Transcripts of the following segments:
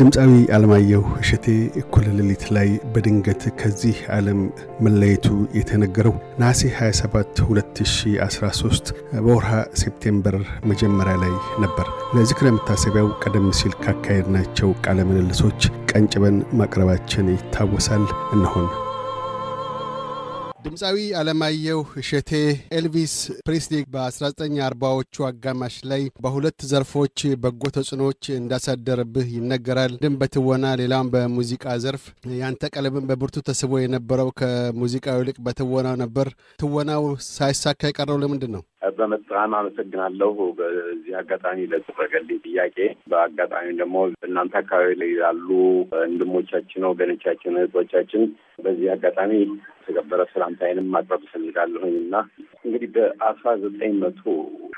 ድምፃዊ አለማየሁ እሸቴ እኩለ ሌሊት ላይ በድንገት ከዚህ ዓለም መለየቱ የተነገረው ናሴ 27 2013 በወርሃ ሴፕቴምበር መጀመሪያ ላይ ነበር። ለዝክረ መታሰቢያው ቀደም ሲል ካካሄድናቸው ቃለ ምልልሶች ቀንጭበን ማቅረባችን ይታወሳል። እነሆን ድምፃዊ አለማየሁ እሸቴ ኤልቪስ ፕሪስሊ በ1940ዎቹ አጋማሽ ላይ በሁለት ዘርፎች በጎ ተጽዕኖዎች እንዳሳደርብህ ይነገራል። ድም በትወና ሌላውን በሙዚቃ ዘርፍ ያንተ ቀለብን በብርቱ ተስቦ የነበረው ከሙዚቃው ይልቅ በትወናው ነበር። ትወናው ሳይሳካ የቀረው ለምንድን ነው? በመጣም አመሰግናለሁ። በዚህ አጋጣሚ ለተደረገልኝ ጥያቄ በአጋጣሚ ደግሞ እናንተ አካባቢ ላይ ያሉ ወንድሞቻችን፣ ወገኖቻችን፣ እህቶቻችን በዚህ አጋጣሚ የተከበረ ሰላምታዬንም ማቅረብ እፈልጋለሁኝ እና እንግዲህ በአስራ ዘጠኝ መቶ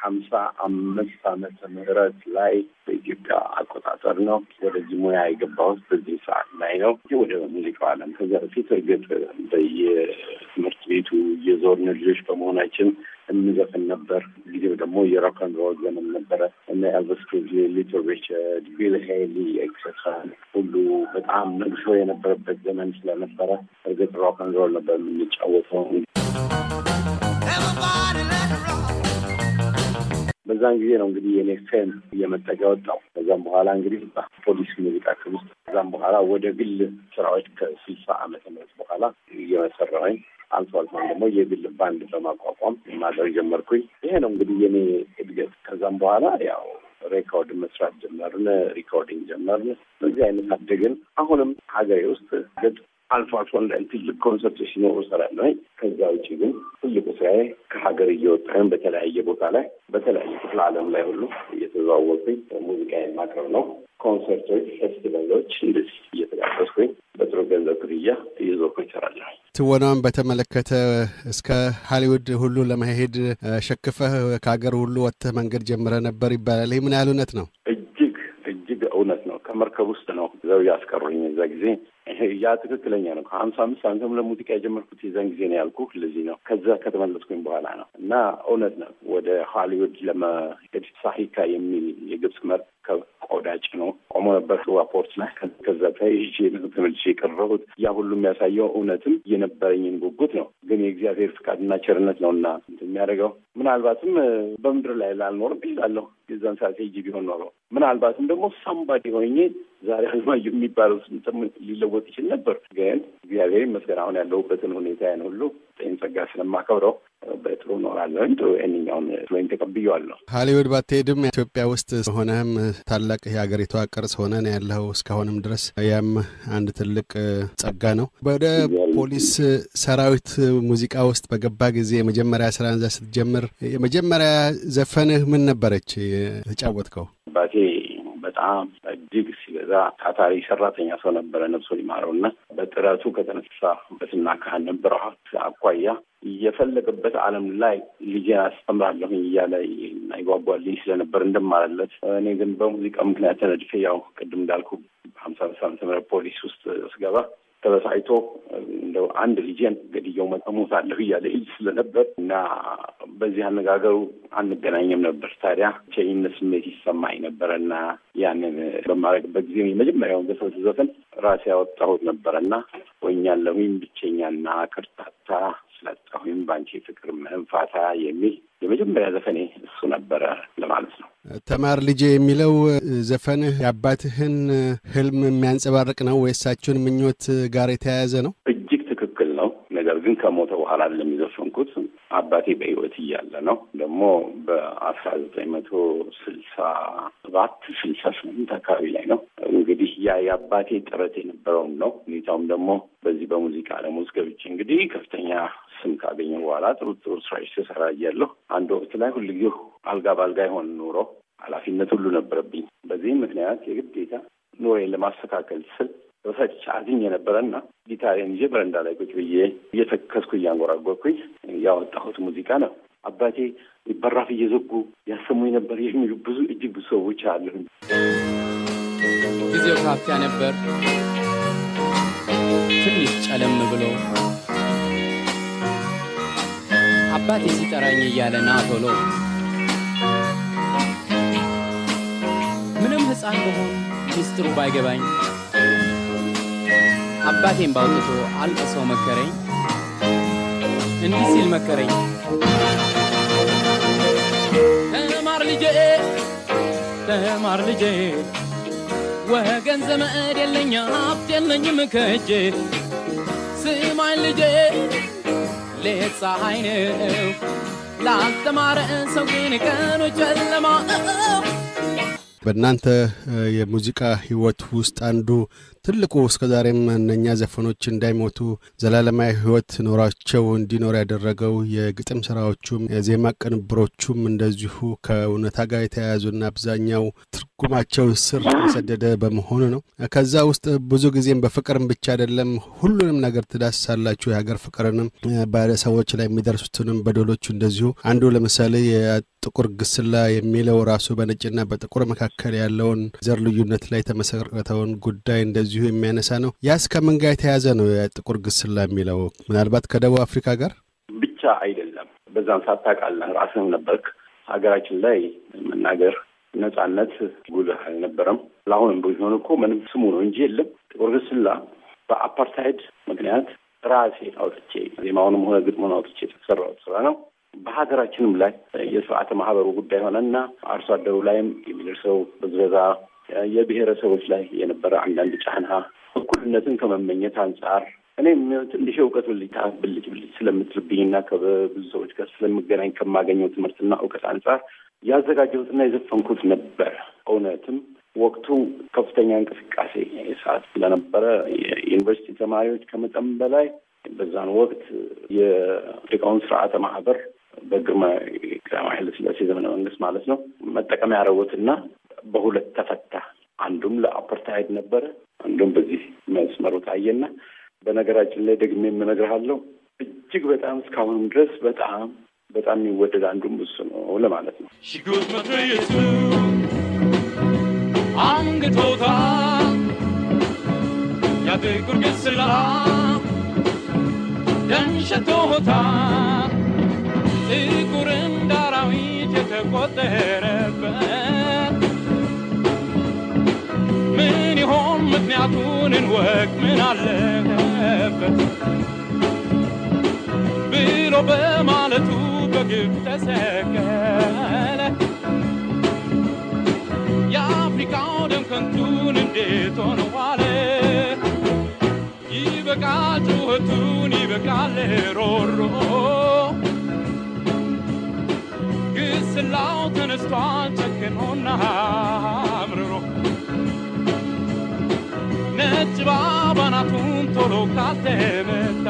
ሀምሳ አምስት ዓመተ ምህረት ላይ በኢትዮጵያ አቆጣጠር ነው ወደዚህ ሙያ የገባሁት በዚህ ሰዓት ላይ ነው ወደ ሙዚቃው ዓለም ከዚያ በፊት እርግጥ በየትምህርት ቤቱ የዞርን ልጆች በመሆናችን እንዘፍን ነበር። ጊዜው ደግሞ የሮክ ኤንድ ሮል ዘመን ነበረ እና ኤልቨስ ፕሬዝሊ፣ ሊትል ሪቸርድ፣ ቢል ሄሊ ኤክስትራ ሁሉ በጣም ነግሶ የነበረበት ዘመን ስለነበረ እርግጥ ሮክ ሮል ነበር የምንጫወተው። በዛን ጊዜ ነው እንግዲህ የኔ ፌም እየመጠቀ ወጣው። ከዛም በኋላ እንግዲህ ፖሊስ ሙዚቃ ክብ ውስጥ ከዛም በኋላ ወደ ግል ስራዎች ከስልሳ አመት ምረት በኋላ እየመሰራኝ አልፎ አልፎም ደግሞ የግል ባንድ በማቋቋም ማድረግ ጀመርኩኝ። ይሄ ነው እንግዲህ የኔ እድገት። ከዛም በኋላ ያው ሬኮርድ መስራት ጀመርን፣ ሪኮርዲንግ ጀመርን። በዚህ አይነት አደግን። አሁንም ሀገሬ ውስጥ ግጥ አልፎ አልፎ አንዳንድ ትልቅ ኮንሰርት ሲኖሩ እሰራለሁ። ከዛ ውጭ ግን ትልቁ ስራዬ ከሀገር እየወጣን በተለያየ ቦታ ላይ በተለያየ ክፍለ ዓለም ላይ ሁሉ እየተዘዋወርኩኝ ሙዚቃ የማቅረብ ነው። ኮንሰርቶች፣ ፌስቲቫሎች እንደዚህ እየተጋበዝኩኝ በጥሩ ገንዘብ ክፍያ እየዞርኩኝ እሰራለሁ። ትወናን በተመለከተ እስከ ሀሊውድ ሁሉ ለመሄድ ሸክፈህ ከሀገር ሁሉ ወጥተህ መንገድ ጀምረ ነበር ይባላል። ይህ ምን ያህል እውነት ነው? ነው። ከመርከብ ውስጥ ነው ዘው ያስቀሩኝ። እዛ ጊዜ ያ ትክክለኛ ነው። ከሀምሳ አምስት አንተም ለሙዚቃ የጀመርኩት የዛን ጊዜ ነው ያልኩህ ለዚህ ነው። ከዛ ከተመለስኩኝ በኋላ ነው እና እውነት ነው ወደ ሆሊውድ ለመሄድ ሳሂካ የሚል የግብፅ መርት ከቆዳ ጭኖ ቆሞ ነበር አፖርት ላይ ከዛ ተይዤ ትምህርት የቀረቡት ያ ሁሉ የሚያሳየው እውነትም የነበረኝን ጉጉት ነው። ግን የእግዚአብሔር ፍቃድና ቸርነት ነው እና የሚያደርገው ምናልባትም በምድር ላይ ላልኖርም ይላለሁ የዛን ሰዓት ሄጅ ቢሆን ኖሮ ምናልባትም ደግሞ ሳምባዲ ሆኜ ዛሬ አለማየሁ የሚባለው ስምተም ሊለወጥ ይችል ነበር። ግን እግዚአብሔር ይመስገን አሁን ያለሁበትን ሁኔታ ያን ሁሉ ጤን ጸጋ ስለማከብረው በጥሩ እኖራለሁኝ። ጥሩ የእኛውን ወይም ተቀብያዋለሁ። ሀሊውድ ባትሄድም ኢትዮጵያ ውስጥ ሆነህም ታላቅ የሀገሪቷ ቅርጽ ሆነን ያለው እስካሁንም ድረስ ያም አንድ ትልቅ ጸጋ ነው። ወደ ፖሊስ ሰራዊት ሙዚቃ ውስጥ በገባ ጊዜ የመጀመሪያ ስራ እንዛ ስትጀምር የመጀመሪያ ዘፈንህ ምን ነበረች የተጫወትከው? ባቴ በጣም እጅግ ሲበዛ ታታሪ ሰራተኛ ሰው ነበረ ነፍሶ ሊማረው እና በጥረቱ ከተነሳበትና ካነበረሀት አኳያ የፈለገበት ዓለም ላይ ልጄን አስተምራለሁኝ እያለ ይጓጓልኝ ስለነበር እንደማላለት እኔ ግን በሙዚቃ ምክንያት ተነድፌ ያው ቅድም እንዳልኩ ሀምሳ በሰ ዓመተ ፖሊስ ውስጥ ስገባ ተበሳይቶ እንደው አንድ ልጄን ገድየው እሞታለሁ እያለ ልጅ ስለነበር እና በዚህ አነጋገሩ አንገናኘም ነበር። ታዲያ ብቸኝነት ስሜት ይሰማኝ ነበረ እና ያንን በማድረግበት ጊዜ የመጀመሪያውን ገሰት ዘፈን ራሴ ያወጣሁት ነበረ እና ወኛለሁኝ ብቸኛና ክርታታ ስላጣሁ ባንቺ ፍቅር መንፋታ የሚል የመጀመሪያ ዘፈኔ እሱ ነበረ ለማለት ነው። ተማር ልጄ የሚለው ዘፈንህ የአባትህን ህልም የሚያንጸባርቅ ነው ወይሳችሁን ምኞት ጋር የተያያዘ ነው? እጅግ ትክክል ነው። ነገር ግን ከሞተ በኋላ ለሚዘፈንኩት አባቴ በህይወት እያለ ነው ደግሞ በአስራ ዘጠኝ መቶ ስልሳ ሰባት ስልሳ ስምንት አካባቢ ላይ ነው እንግዲህ ያ የአባቴ ጥረት የነበረውን ነው። ሁኔታውም ደግሞ በዚህ በሙዚቃ ዓለም ውስጥ ገብቼ እንግዲህ ከፍተኛ ስም ካገኘ በኋላ ጥሩ ጥሩ ስራዎች ስሰራ እያለሁ አንድ ወቅት ላይ ሁልጊዜ አልጋ በአልጋ ይሆን ኑሮ ኃላፊነት ሁሉ ነበረብኝ። በዚህም ምክንያት የግዴታ ኑሮዬን ለማስተካከል ስል በፈጭ አዝኝ የነበረና ጊታሬን ይዤ በረንዳ ላይ ቁጭ ብዬ እየተከስኩ እያንጎራጎርኩኝ ያወጣሁት ሙዚቃ ነው። አባቴ በራፍ እየዘጉ ያሰሙኝ ነበር የሚሉ ብዙ እጅግ ብዙ ሰዎች አሉ። ጊዜው ካፍያ ነበር። ትንሽ ጨለም ብሎ አባቴ ሲጠራኝ እያለ ና ቶሎ ምንም ሕፃን መሆን ሚስጥሩ ባይገባኝ አባቴን ባውጥቶ ሰው መከረኝ። እንዲህ ሲል መከረኝ፣ ተማር ልጄ፣ ተማር ልጄ ወገን ዘመድ የለኝ ሀብት የለኝም ከእጄ ስማኝ ልጄ ሌት ፀሐይ ነው ላስተማረ ሰው ግን ቀኑ ጨለማ በእናንተ የሙዚቃ ህይወት ውስጥ አንዱ ትልቁ ዛሬም እነኛ ዘፈኖች እንዳይሞቱ ዘላለማዊ ህይወት ኖሯቸው እንዲኖር ያደረገው የግጥም ስራዎቹም የዜማ ቅንብሮቹም እንደዚሁ ከእውነታ ጋር የተያያዙና አብዛኛው ትርጉማቸው ስር የሰደደ በመሆኑ ነው። ከዛ ውስጥ ብዙ ጊዜም በፍቅርም ብቻ አይደለም ሁሉንም ነገር ትዳስሳላችሁ። የሀገር ፍቅርንም በሰዎች ላይ የሚደርሱትንም በደሎቹ እንደዚሁ አንዱ ለምሳሌ ጥቁር ግስላ የሚለው ራሱ በነጭና በጥቁር መካከል ያለውን ዘር ልዩነት ላይ የተመሰረተውን ጉዳይ እንደዚሁ የሚያነሳ ነው። ያስ ከምን ጋር የተያዘ ነው? የጥቁር ግስላ የሚለው ምናልባት ከደቡብ አፍሪካ ጋር ብቻ አይደለም። በዛን ሰት ታውቃለህ፣ ራስህም ነበርክ። ሀገራችን ላይ መናገር ነጻነት ጉልህ አልነበረም። ለአሁንም ቢሆን እኮ ምንም ስሙ ነው እንጂ የለም። ጥቁር ግስላ በአፓርታይድ ምክንያት ራሴ አውጥቼ ዜማውንም ሆነ ግጥሙን አውጥቼ የተሰራው ስራ ነው። በሀገራችንም ላይ የስርዓተ ማህበሩ ጉዳይ ሆነና አርሶ አደሩ ላይም የሚደርሰው ብዝበዛ፣ የብሔረሰቦች ላይ የነበረ አንዳንድ ጫና እኩልነትን ከመመኘት አንጻር እኔም ትንሽ እውቀት ብልጭታ ብልጭ ብልጭ ስለምትልብኝና ከብዙ ሰዎች ጋር ስለምገናኝ ከማገኘው ትምህርትና እውቀት አንጻር ያዘጋጀሁትና የዘፈንኩት ነበር። እውነትም ወቅቱ ከፍተኛ እንቅስቃሴ ሰዓት ስለነበረ የዩኒቨርሲቲ ተማሪዎች ከመጠን በላይ በዛን ወቅት የደቃውን ስርዓተ ማህበር በግርማዊ ቀዳማዊ ኃይለሥላሴ ዘመነ መንግስት ማለት ነው መጠቀም ያደረጉትና በሁለት ተፈታ። አንዱም ለአፐርታይድ ነበረ፣ አንዱም በዚህ መስመሩ ታየና በነገራችን ላይ ደግሜ የምነግርሃለው እጅግ በጣም እስካሁንም ድረስ በጣም በጣም የሚወደድ አንዱም እሱ ነው ለማለት ነው። ሽጉጥ አንግቶታ ያደጉርገስላ ደንሸቶታ what the head had Many home with me, work, man, I left heaven. Bit of them all to forgive the second. Yeah, we count them continuing dates on a got to a tune, even got a little roll. ብላው ተነስቷል ጨክኖና አምርሮ ነጭ ባባናቱን ቶሎ ካልተመታ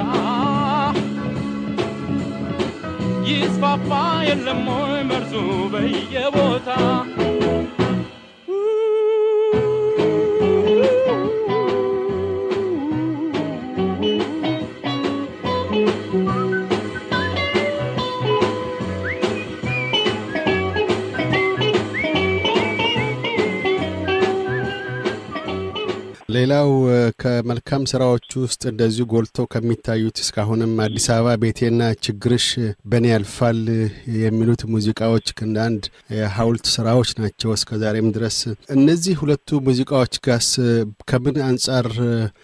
ይስፋፋ የለም ወይ መርዙ በየቦታ መልካም ስራዎች ውስጥ እንደዚሁ ጎልተው ከሚታዩት እስካሁንም አዲስ አበባ ቤቴና ችግርሽ በኔ ያልፋል የሚሉት ሙዚቃዎች እንደ አንድ የሀውልት ስራዎች ናቸው እስከዛሬም ድረስ። እነዚህ ሁለቱ ሙዚቃዎች ጋስ ከምን አንጻር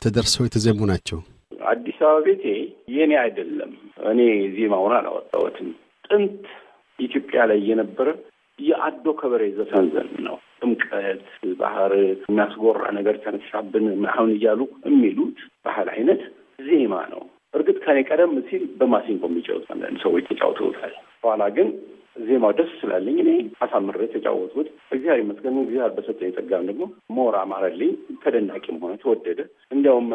ተደርሰው የተዘሙ ናቸው? አዲስ አበባ ቤቴ የኔ አይደለም፣ እኔ ዜማውን አላወጣሁትም። ጥንት ኢትዮጵያ ላይ የነበረ የአዶ ከበሬ ዘፈን ነው። ጥምቀት ባህር የሚያስጎራ ነገር ተነሳብን አሁን እያሉ የሚሉት ባህል አይነት ዜማ ነው። እርግጥ ከኔ ቀደም ሲል በማሲንቆ የሚጫወት ሰዎች ተጫውተውታል። በኋላ ግን ዜማው ደስ ስላለኝ እኔ አሳምሬ ተጫወትኩት። እግዚአብሔር ይመስገን። እግዚአብሔር በሰጠኝ ጸጋም ደግሞ ሞራ ማረልኝ ተደናቂም ሆነ ተወደደ። እንዲያውም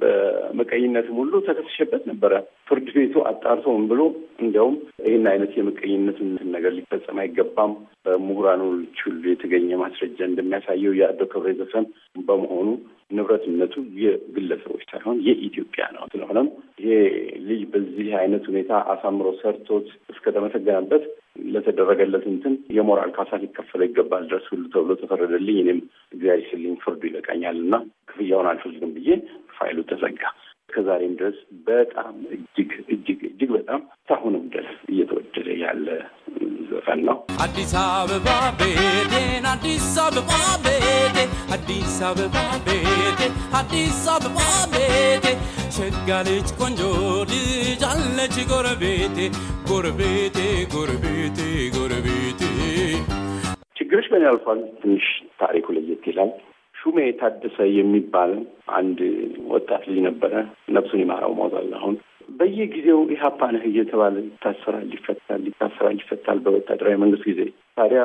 በመቀኝነትም ሁሉ ተከስሸበት ነበረ። ፍርድ ቤቱ አጣርቶም ብሎ እንዲያውም ይህን አይነት የመቀኝነት ነገር ሊፈጸም አይገባም፣ በምሁራኖች ሁሉ የተገኘ ማስረጃ እንደሚያሳየው የአዶ ክብሬ ዘፈን በመሆኑ ንብረትነቱ የግለሰቦች ሳይሆን የኢትዮጵያ ነው። ስለሆነም ይሄ ልጅ በዚህ አይነት ሁኔታ አሳምሮ ሰርቶት እስከተመሰገነበት ለተደረገለት እንትን የሞራል ካሳ ሊከፈለ ይገባል ድረስ ሁሉ ተብሎ ተፈረደልኝ። እኔም እግዚአብሔር ይስጥልኝ ፍርዱ ይበቃኛል እና ክፍያውን አልፈልግም ብዬ ፋይሉ ተዘጋ። ከዛሬም ድረስ በጣም እጅግ እጅግ እጅግ በጣም እስካሁንም ድረስ እየተወደደ ያለ ዘፈን ነው። አዲስ አበባ ቤቴን አዲስ አበባ ቤቴ አዲስ አበባ ቤቴ አዲስ አበባ ቤቴ ሸጋ ልጅ ቆንጆ ልጅ አለች ጎረቤቴ ጎረቤቴ ጎረቤቴ ጎረቤቴ። ችግሮች በእኔ ያልፋል። ትንሽ ታሪኩ ለየት ይላል። ሹሜ ታደሰ የሚባል አንድ ወጣት ልጅ ነበረ። ነፍሱን ይማረው ሞቷል። አሁን በየጊዜው ኢህአፓ ነህ እየተባለ ይታሰራል፣ ይፈታል፣ ይታሰራል፣ ይፈታል በወታደራዊ መንግስት ጊዜ ታዲያ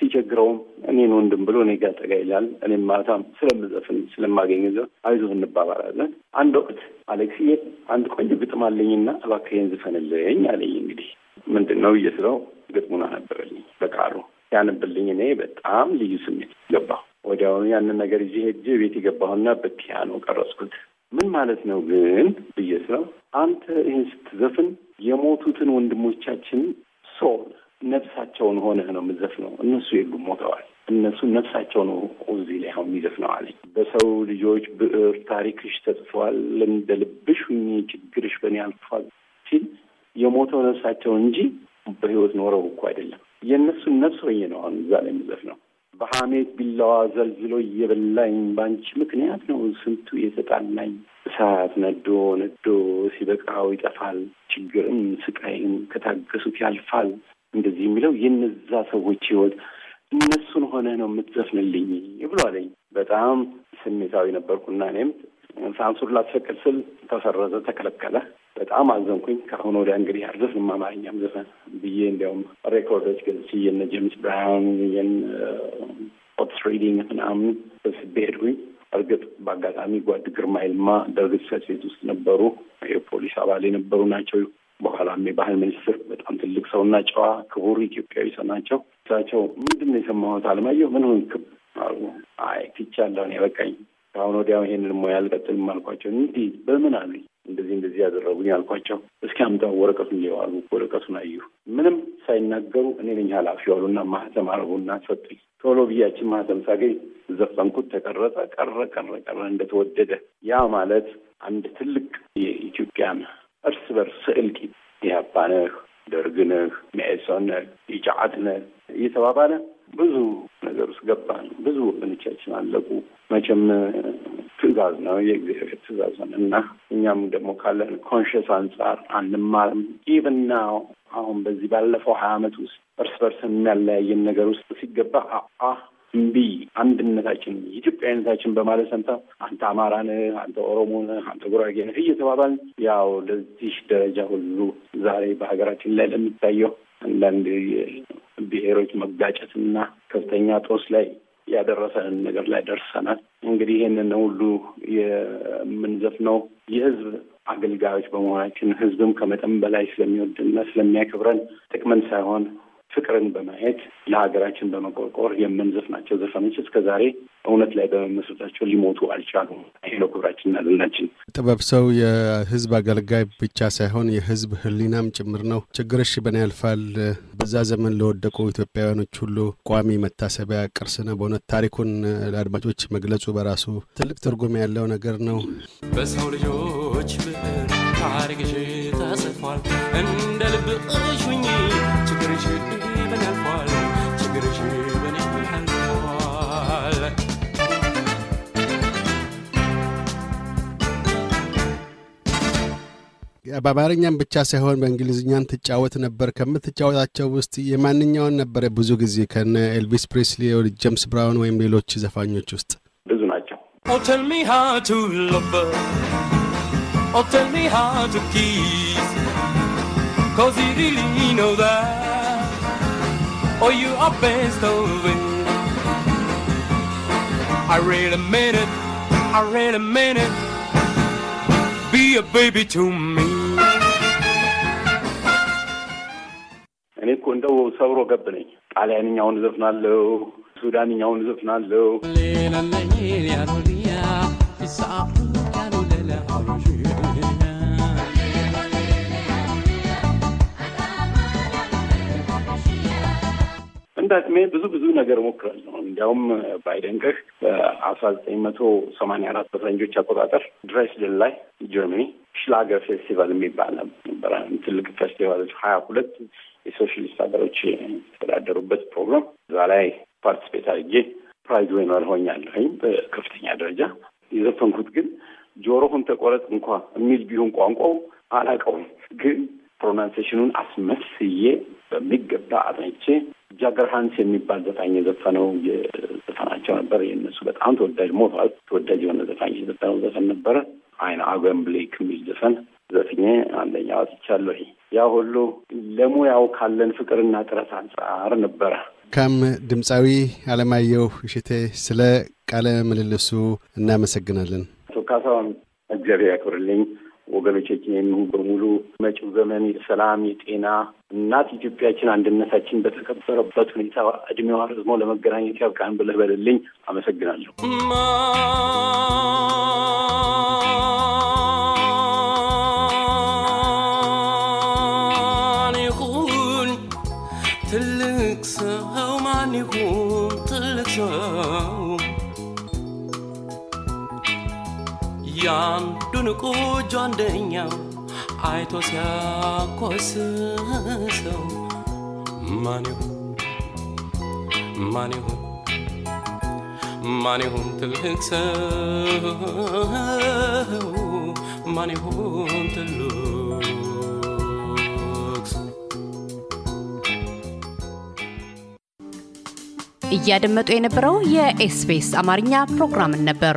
ሲቸግረውም እኔን ወንድም ብሎ እኔ ጋር ጠጋ ይላል። እኔም ማታ ስለምዘፍን ስለማገኝ አይዞህ እንባባላለን። አንድ ወቅት አሌክስዬ አንድ ቆንጆ ግጥም አለኝና እባክህን ዝፈንልኝ አለኝ። እንግዲህ ምንድን ነው እየስለው ግጥሙን አነበበልኝ በቃሉ ያንብልኝ። እኔ በጣም ልዩ ስሜት ገባሁ። ወዲያውኑ ያንን ነገር ይዤ ሄጄ ቤት የገባሁና በፒያኖ ቀረጽኩት። ምን ማለት ነው ግን ብዬ ስለው አንተ ይህን ስትዘፍን የሞቱትን ወንድሞቻችን ሶል ነፍሳቸውን ሆነህ ነው የምዘፍነው እነሱ የሉም ሞተዋል። እነሱ ነፍሳቸውን እዚህ ላይ አሁን ይዘፍነው አለኝ። በሰው ልጆች ብዕር ታሪክሽ ተጽፏል፣ እንደ ልብሽ ሁኚ ችግርሽ በእኔ አልፏል ሲል የሞተው ነፍሳቸው እንጂ በህይወት ኖረው እኮ አይደለም። የእነሱን ነፍስ ሆኜ ነው አሁን እዛ ላይ የምዘፍነው። በሐሜት ቢላዋ ዘልዝሎ እየበላኝ በአንቺ ምክንያት ነው ስንቱ የተጣላኝ። እሳት ነዶ ነዶ ሲበቃው ይጠፋል። ችግርም ስቃይም ከታገሱት ያልፋል። እንደዚህ የሚለው የነዛ ሰዎች ህይወት እነሱን ሆነ ነው የምትዘፍንልኝ ብሎ አለኝ። በጣም ስሜታዊ ነበርኩና እኔም ሳንሱር ላስፈቅድ ስል ተሰረዘ፣ ተከለከለ። በጣም አዘንኩኝ። ከአሁን ወዲያ እንግዲህ አልዘፍንም አማርኛም ዘፈን ብዬ እንዲያውም ሬኮርዶች ገዝቼ የነ ጄምስ ብራውን የን ኦትስ ሪዲንግ ምናምን በስቤ ሄድኩኝ። እርግጥ በአጋጣሚ ጓድ ግርማ ይልማ ደርግ ጽሕፈት ቤት ውስጥ ነበሩ። የፖሊስ አባል የነበሩ ናቸው። በኋላም የባህል ሚኒስትር በጣም ትልቅ ሰውና ጨዋ ክቡር ኢትዮጵያዊ ሰው ናቸው። እሳቸው ምንድን ነው የሰማሁት አለማየሁ ምን ሆንክም አሉ። አይ ትቻለሁ እኔ በቃኝ፣ ከአሁን ወዲያ ይሄንን ሙያ አልቀጥልም አልኳቸው። እንዲህ በምን አሉ እንደዚህ እንደዚህ ያደረጉኝ አልኳቸው። እስኪ አምጣው ወረቀቱን እየዋሉ ወረቀቱን አዩ። ምንም ሳይናገሩ እኔ ነኝ ኃላፊው አሉና ማህተም አረጉና ሰጡኝ። ቶሎ ብያችን ማህተም ሳገኝ ዘፈንኩት። ተቀረጸ፣ ቀረ ቀረ ቀረ እንደተወደደ። ያ ማለት አንድ ትልቅ የኢትዮጵያን እርስ በርስ ስዕልቂ ኢህአፓ ደርግነህ ደርግ ይጫዓትነህ እየተባባለ ብዙ ነገር ውስጥ ገባን። ብዙ ወገኖቻችን አለቁ። መቼም ትዕዛዝ ነው፣ የእግዚአብሔር ትእዛዝ ነው እና እኛም ደግሞ ካለን ኮንሽስ አንጻር አንማርም። ኢቨን ናው አሁን በዚህ ባለፈው ሀያ ዓመት ውስጥ እርስ በርስ የሚያለያየን ነገር ውስጥ ሲገባ አ እምቢ አንድነታችን ኢትዮጵያዊነታችን በማለት ሰምታ አንተ አማራ ነህ፣ አንተ ኦሮሞ ነህ፣ አንተ ጉራጌ ነህ ያው ለዚህ ደረጃ ሁሉ ዛሬ በሀገራችን ላይ ለሚታየው አንዳንድ ብሔሮች መጋጨትና ከፍተኛ ጦስ ላይ ያደረሰንን ነገር ላይ ደርሰናል። እንግዲህ ይህንን ሁሉ የምንዘፍነው የህዝብ አገልጋዮች በመሆናችን ህዝብም ከመጠን በላይ ስለሚወድና ስለሚያከብረን ጥቅምን ሳይሆን ፍቅርን በማየት ለሀገራችን በመቆርቆር የምንዘፍናቸው ዘፈኖች እስከ ዛሬ እውነት ላይ በመመስረታቸው ሊሞቱ አልቻሉም። ይሄ ነው ክብራችንና ዝናችን። ጥበብ ሰው የህዝብ አገልጋይ ብቻ ሳይሆን የህዝብ ህሊናም ጭምር ነው። ችግርሽ በኔ ያልፋል በዛ ዘመን ለወደቁ ኢትዮጵያውያኖች ሁሉ ቋሚ መታሰቢያ ቅርስ ነው። በእውነት ታሪኩን ለአድማጮች መግለጹ በራሱ ትልቅ ትርጉም ያለው ነገር ነው። በሰው ልጆች ታሪክሽ ተጽፏል እንደ ልብ በአማርኛም ብቻ ሳይሆን በእንግሊዝኛም ትጫወት ነበር። ከምትጫወታቸው ውስጥ የማንኛውን ነበረ ብዙ ጊዜ ከነ ኤልቪስ ፕሬስሊ፣ ጀምስ ብራውን ወይም ሌሎች ዘፋኞች ውስጥ ብዙ ናቸው። oh, oh, I really oh, it, I really it. Be a baby to me. እንደው ሰብሮ ገብ ነኝ። ጣሊያንኛውን እዘፍናለሁ፣ ሱዳንኛውን እዘፍናለሁ። እንደ አቅሜ ብዙ ብዙ ነገር ሞክራለሁ። እንዲያውም ባይደንቅህ በአስራ ዘጠኝ መቶ ሰማንያ አራት በፈረንጆች አቆጣጠር ድሬስደን ላይ ጀርመኒ ሽላገር ፌስቲቫል የሚባል ነበር። ትልቅ ፌስቲቫሎች ሀያ ሁለት የሶሻሊስት ሀገሮች የተስተዳደሩበት ፕሮግራም እዛ ላይ ፓርቲስፔት አድርጌ ፕራይዝ ዊነር ሆኛለሁኝ በከፍተኛ ደረጃ። የዘፈንኩት ግን ጆሮሁን ተቆረጥ እንኳ የሚል ቢሆን ቋንቋው አላውቀውም፣ ግን ፕሮናንሴሽኑን አስመስዬ በሚገባ አጥንቼ ጃገር ሀንስ የሚባል ዘፋኝ የዘፈነው የዘፈናቸው ነበር። የነሱ በጣም ተወዳጅ ሞቷል። ተወዳጅ የሆነ ዘፋኝ የዘፈነው ዘፈን ነበረ አይነ አገምብሌክ የሚል ዘፈን ዘፍኜ አንደኛ ወጥቻለሁ። ያ ሁሉ ለሙያው ካለን ፍቅርና ጥረት አንጻር ነበረ። ካም ድምፃዊ አለማየሁ እሽቴ ስለ ቃለ ምልልሱ እናመሰግናለን። አቶ ካሳሁን እግዚአብሔር ያክብርልኝ። ወገኖቻችን በሙሉ መጪው ዘመን የሰላም የጤና እናት ኢትዮጵያችን አንድነታችን በተከበረበት ሁኔታ እድሜዋ ረዝሞ ለመገናኘት ያብቃን ብለህ በልልኝ። አመሰግናለሁ። ብቁ እጁ አንደኛው አይቶ ሲያኮስሰው ማን ይሁን ማን ይሁን ማን ይሁን ትልቅ ሰው ማን ይሁን ትልቅ እያደመጡ የነበረው የኤስቢኤስ አማርኛ ፕሮግራምን ነበር።